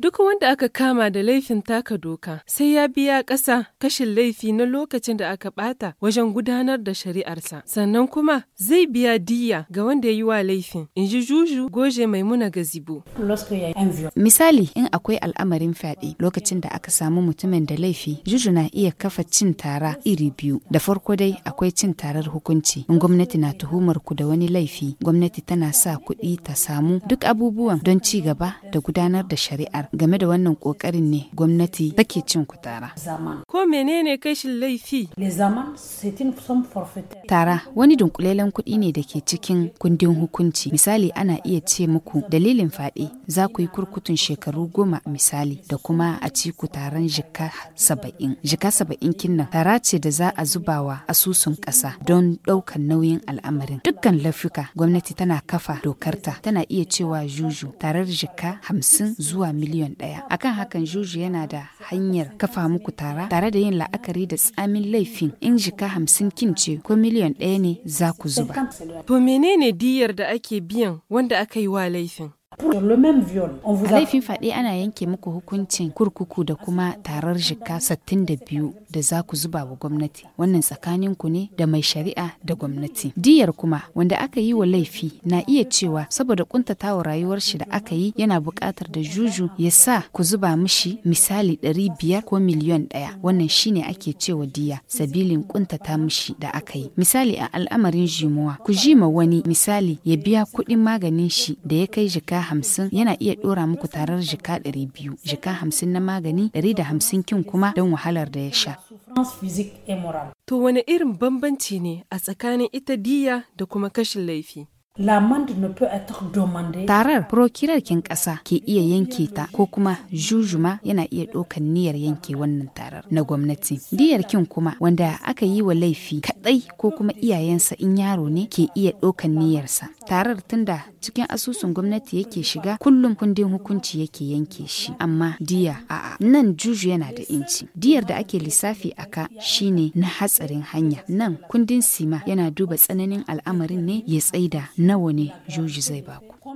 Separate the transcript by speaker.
Speaker 1: Duk wanda aka kama da laifin taka doka sai ya biya ƙasa kashin laifi na lokacin da aka ɓata wajen gudanar da shari'arsa, sannan kuma zai biya diya ga wanda ya yi wa laifin, in ji Juju Goje mai Maimuna Gazibo.
Speaker 2: Misali in akwai al'amarin fyaɗe lokacin da aka samu mutumin da laifi, Juju na iya kafa cin tara iri biyu. Da farko dai akwai cin tarar hukunci, in gwamnati na tuhumar ku da wani laifi, gwamnati tana sa kuɗi ta samu duk abubuwan don ci gaba da gudanar da shari'ar. game da wannan kokarin ne gwamnati take cin kutara.
Speaker 1: Ko menene kashin laifi?
Speaker 2: Tara wani dunkulelen kuɗi ne da ke cikin kundin hukunci. Misali ana iya ce muku dalilin faɗi za ku yi kurkutun shekaru goma misali da kuma a ci ku taron jika saba'in. Jika saba'in kinnan tara ce da za a zuba wa asusun ƙasa don ɗaukan nauyin al'amarin. Dukkan lafuka gwamnati tana kafa dokarta tana iya cewa juju tarar jika hamsin zuwa miliyan miliyan ɗaya. Akan hakan juju yana da hanyar kafa muku tara tare da yin la'akari da tsamin laifin in jika hamsin kin ce ko miliyan ɗaya ne za ku zuba. To menene diyar
Speaker 1: da ake biyan wanda aka yi wa laifin?
Speaker 2: Laifin faɗi ana yanke muku hukuncin kurkuku da kuma tarar jika 62 da za ku zuba wa gwamnati. Wannan tsakanin ku ne da mai shari'a da gwamnati. Diyar kuma wanda aka yi wa laifi na iya cewa saboda wa rayuwar shi da aka yi yana buƙatar da juju ya sa ku zuba mishi misali 500 ko miliyon ɗaya. Wannan shine ake cewa diya sabilin kuntata mishi da aka yi. Misali a al'amarin jimuwa ku jima wani misali ya biya kuɗin maganin shi da ya kai jika hamsin yana iya ɗora muku tarar jika ɗari biyu jika hamsin na magani ɗari da hamsin kin kuma don wahalar da ya sha.
Speaker 1: To wani irin bambanci ne a tsakanin ita diya da kuma kashin laifi?
Speaker 2: Tarar prokirarkin ƙasa ke iya yanke ta ko kuma jujuma yana iya ɗaukan niyyar yanke wannan tarar na gwamnati. Diyar kin kuma wanda aka yi wa laifi kaɗai ko kuma iyayensa in yaro ne ke iya ɗaukan niyyarsa. tarar tunda cikin asusun gwamnati yake shiga kullum kundin hukunci yake yanke shi amma diya a'a nan juju yana da inci diyar da ake lissafi a ka shine na hatsarin hanya nan kundin sima yana duba tsananin al'amarin ne ya tsaida nawa ne juju zai baku